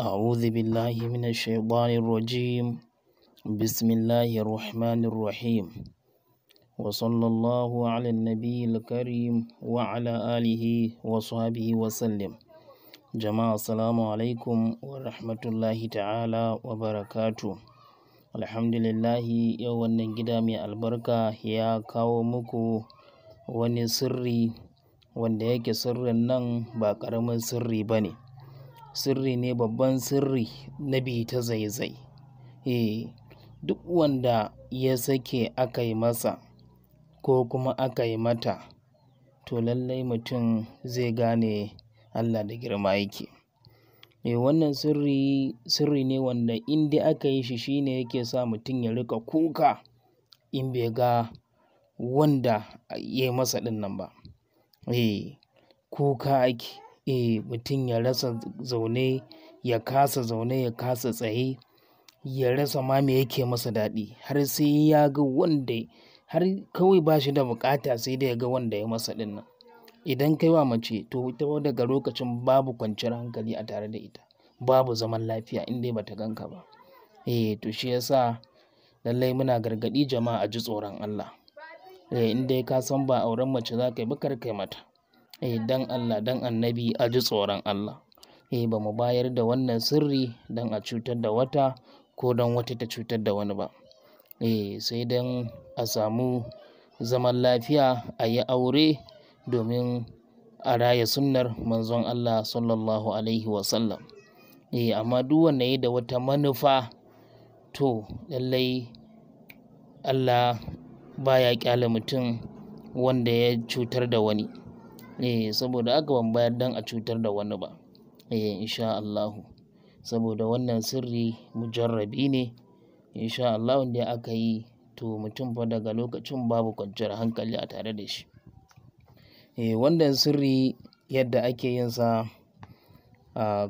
أعوذ بالله من الشيطان الرجيم بسم الله الرحمن الرحيم وصلى الله على النبي الكريم وعلى آله وصحبه وسلم جماعة السلام عليكم ورحمة الله تعالى وبركاته الحمد لله يوم نجد من البركة يا كومكو wani sirri wanda yake sirrin nan ba ƙaramin sirri ba ne sirri ne babban sirri na bi ta zaizai eh duk wanda ya sake aka yi masa ko kuma aka yi mata to lallai mutum zai gane Allah da girma yake eh wannan sirri sirri ne wanda indi aka yi shi shine yake sa mutum ya rika kuka in bai ga wanda ya yi masa ɗin ba eh kuka ake eh mutum ya rasa zaune ya kasa zaune ya kasa tsaye ya rasa ma me yake masa daɗi har sai ya ga wanda har kawai ba shi da bukata sai da ya ga wanda ya masa ɗinnan. idan kai wa mace to ta daga lokacin babu kwanciyar hankali a tare da ita babu zaman lafiya inda dai ta ganka ba eh to shi yasa lallai muna gargaɗi jama'a a ji tsoron Allah eh in dai ka san ba auren mace za ka yi ba kai mata eh dan Allah dan annabi a ji tsoron Allah eh ba mu bayar da wannan sirri dan a cutar da wata ko dan wata ta cutar da wani ba eh sai dan a samu zaman lafiya a yi aure domin a raya sunnar manzon Allah sallallahu alaihi wasallam eh amma duk wanda ya da wata manufa to lallai Allah baya kyale mutum wanda ya cutar da wani eh saboda aka ban bayar dan a cutar da wani ba eh insha Allah saboda wannan sirri mujarrabi ne insha Allah inda aka yi to mutum fa daga lokacin babu kwanciyar hankali a tare da shi eh wannan sirri yadda ake yin sa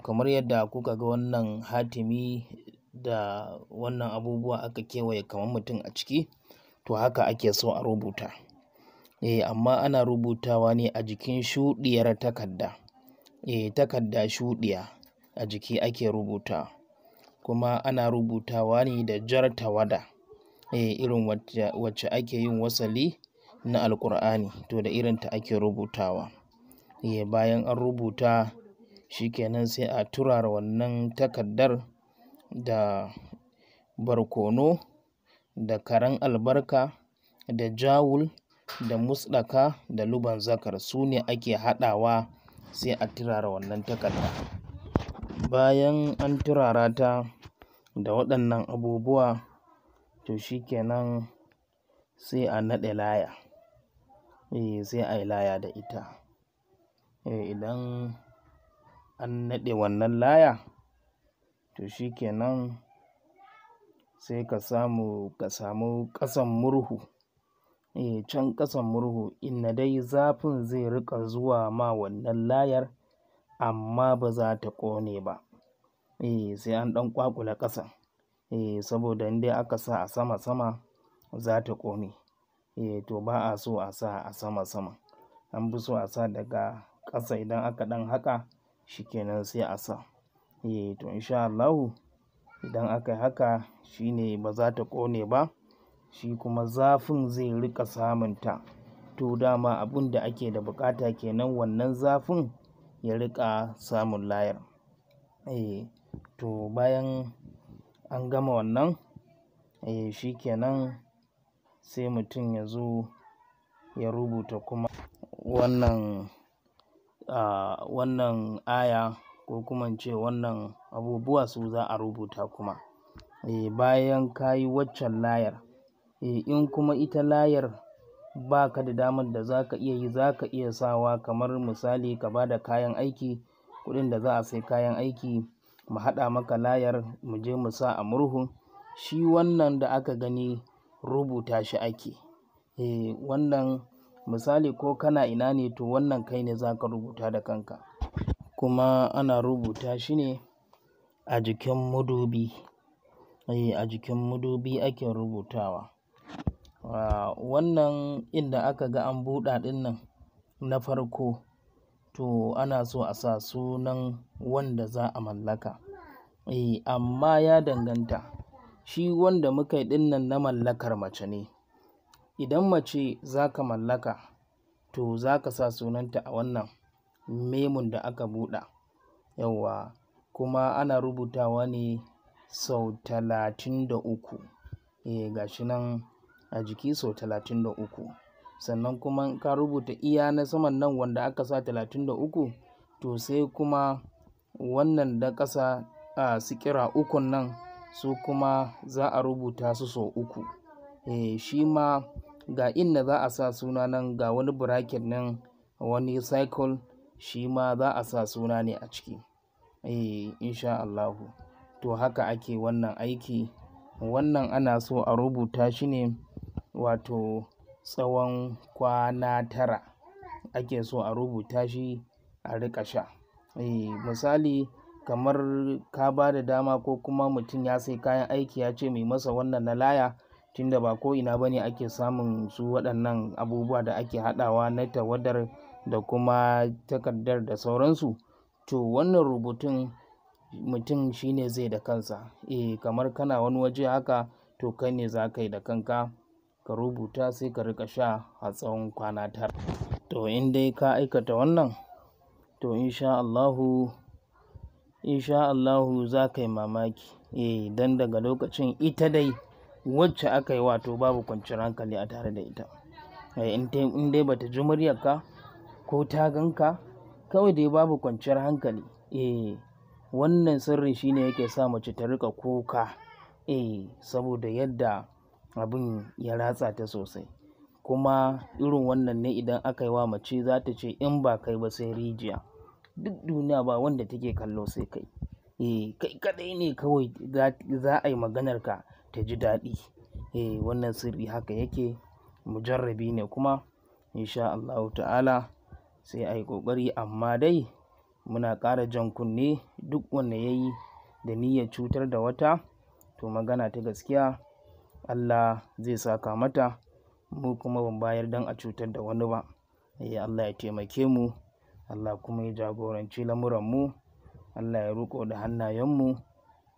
kamar yadda kuka ga wannan hatimi da wannan abubuwa aka kewaye kamar mutum a ciki to haka ake so a rubuta eh amma ana rubutawa ne a jikin shuɗiyar takarda eh takarda shuɗiya a jiki ake rubuta kuma ana rubutawa ne da jar tawada eh irin wacce ake yin wasali na alkur'ani to da irinta ake rubutawa eh bayan an rubuta shi shikenan sai a turara wannan takardar da barkono da karan albarka da jawul da musɗaka da luban zakar su ne ake haɗawa sai a turara wannan takarda bayan an turara ta da waɗannan abubuwa to shi kenan sai a naɗe laya eh sai a laya da ita e idan an naɗe wannan laya to shi kenan sai ka samu ka samu ƙasan murhu eh, can ƙasan murhu inna dai zafin zai riƙa zuwa ma wannan layar amma ba za ta ƙone ba E, sai an ɗan ƙwaƙula ƙasan eh, saboda in dai aka sa a sama-sama za ta ƙone eh, to ba a so a sa a sama-sama an fi so a sa daga ƙasa idan aka ɗan haƙa kenan sai a sa eh, to insha Allah idan aka yi haka shine ba za ta ƙone ba shi kuma zafin zai riƙa ta, to dama abin da ake da buƙata kenan wannan zafin ya riƙa samun layar e to bayan an gama wannan eh shi kenan sai mutum ya zo ya rubuta kuma wannan uh, wannan aya ko kuma ce wannan abubuwa su za a rubuta kuma eh bayan kayi waccan layar Eh, in kuma ita layar ba ka da damar da za ka iya yi, za ka iya sawa kamar misali ka ba da kayan aiki, kuɗin da za a sai kayan aiki mu haɗa maka layar mu je mu sa a murhu. Shi wannan da aka gani rubuta shi ake. Eh, wannan misali ko kana ina ne to wannan kai ne za ka rubuta da kanka. Kuma ana rubuta shi ne a jikin madubi. Eh, a jikin madubi ake rubutawa. Ah, wannan inda aka ga an buɗa ɗin nan na farko to ana so a sa sunan wanda za a mallaka eh amma ya danganta shi wanda muka yi ɗin nan na mallakar mace ne idan mace za ka mallaka to za ka sa sunanta a wannan memun da aka buɗa yawwa kuma ana rubutawa ne sau talatin da uku eh ga shi nan a jiki sau talatin da uku sannan kuma ka rubuta iya na saman nan wanda aka sa talatin da uku to sai kuma wannan da ƙasa a sikira ukun nan su kuma za a rubuta su sau uku e, shi ma ga inda za a sa suna nan ga wani bracket nan wani cycle shi ma za a sa suna ne a ciki e, insha Allahu to haka ake wannan aiki wannan ana so a rubuta shi ne wato tsawon kwana tara ake so a rubuta shi a riƙa sha eh misali kamar ka ba da dama ko kuma mutum ya sai kayan aiki ya ce mai masa wannan na laya tunda ba ko ina bane ake samun su waɗannan abubuwa da ake haɗawa na tawadar da kuma takardar da sauransu to wannan rubutun mutum shine zai da kansa eh kamar kana wani waje haka to kai ne za yi da kanka ka rubuta sai ka riƙa sha a tsawon kwana tara to in dai ka aikata wannan to insha Allahu insha Allahu za ka yi mamaki eh dan daga lokacin ita dai wacce aka yi wato babu kwanciyar hankali a tare da ita eh, in dai bata ji muryarka ko ta ganka kawai dai babu kwanciyar hankali eh wannan sirri shine yake sa mace ta rika kuka eh saboda yadda abin ya ratsa ta sosai kuma irin wannan ne idan aka yi wa mace za ta ce in ba kai ba sai rijiya duk duniya ba wanda take kallo sai kai eh kai kadai ne kawai za a yi maganar ka ta ji daɗi eh wannan sirri haka yake mujarrabi ne kuma insha Allah ta'ala sai a yi ƙoƙari amma dai muna ƙara jan kunne duk wanda ya yi da niyyar cutar da wata to magana ta gaskiya Allah zai saka mata mu kuma ban bayar dan a cutar da wani ba ya eh, Allah ya taimake mu Allah kuma ya jagoranci lamuran mu Allah ya riko da hannayen mu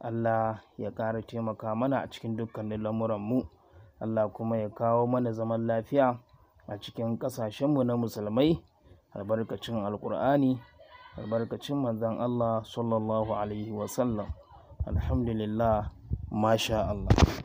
Allah ya ƙara taimaka mana a cikin dukkanin lamuran mu Allah kuma ya kawo mana zaman lafiya a cikin ƙasashen mu na musulmai albarkacin alƙur'ani albarkacin manzon Allah sallallahu alaihi wasallam alhamdulillah masha Allah